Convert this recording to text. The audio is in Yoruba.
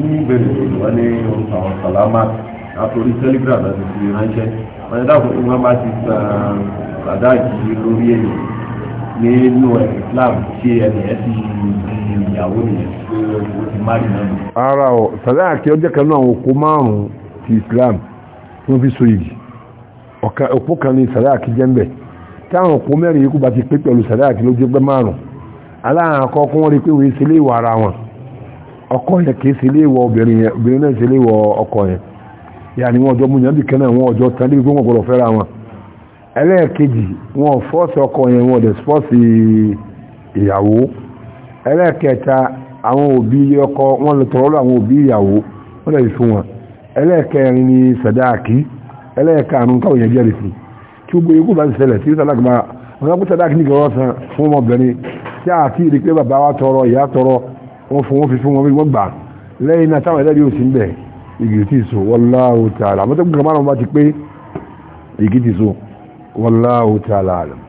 ní ìbẹ̀rẹ̀ wọ́n ní àwọn sàlámà àtòrí telegram àti ti ránṣẹ́ wọ́n ní dáàbò wọn bá ti san sàdáàkì lórí èyí nínú Islam ṣé ẹni ẹ ti di ìyàwó nìyẹn ó ti má rí náà. ara ọ sàdáàkì ọjọ́ kan náà òkú márùn-ún ti Islam tí wọ́n fi so yìí òpó kan ní sàdáàkì jẹ́ńbẹ̀ táwọn òpó mẹ́rin yìí kú bá ti pé pẹ̀lú sàdáàkì lójú ẹgbẹ́ márùn-ún aláàkọ́kọ́ wọn rí pé wọ́n ṣe lé ìwà ara wọn ọkọ yẹn kìí ṣe léèwọ̀ obìnrin yẹn obìnrin náà ṣe léèwọ̀ ọkọ yẹn yà ni wọ́n ọjọ́ mú yẹn bí kẹ́nà wọ́n ọjọ́ tán débi gbọ́n gbọ́dọ̀ fẹ́ra wọn ẹlẹ́ẹ̀kejì wọn fọ́ọ̀sì ọkọ yẹn wọn dẹ̀ fọ́ọ̀sì ìyàwó ẹlẹ́ẹ̀kẹta àwọn òbí ọkọ wọn lè tọrọ lọ àwọn òbí ìyàwó wọn dẹ̀ fún wọn ẹlẹ́ẹ̀kẹrin ni sadaki, ẹlẹ́ẹ̀karùn káwọn yẹn jẹ́rìí sí tí gbogbo ikú bá ti ṣẹlẹ̀ tí sàdáàkì máa wọn sọ pé sàdáàkì nìkan wọn san fún ọmọbìnrin tí àti ìdí pé bàbá wa tọrọ ìyá tọrọ wọ́n fún wọ́n fi fún wọn bí wọ́n gbà lẹ́yìn náà táwọn ẹlẹ́rìí ò sí ń bẹ̀ igi ti so wallahu ta'ala àmọ́tẹ́gbẹ̀rẹ̀ márùn-ún bá ti pé igi ti so wallahu ta'ala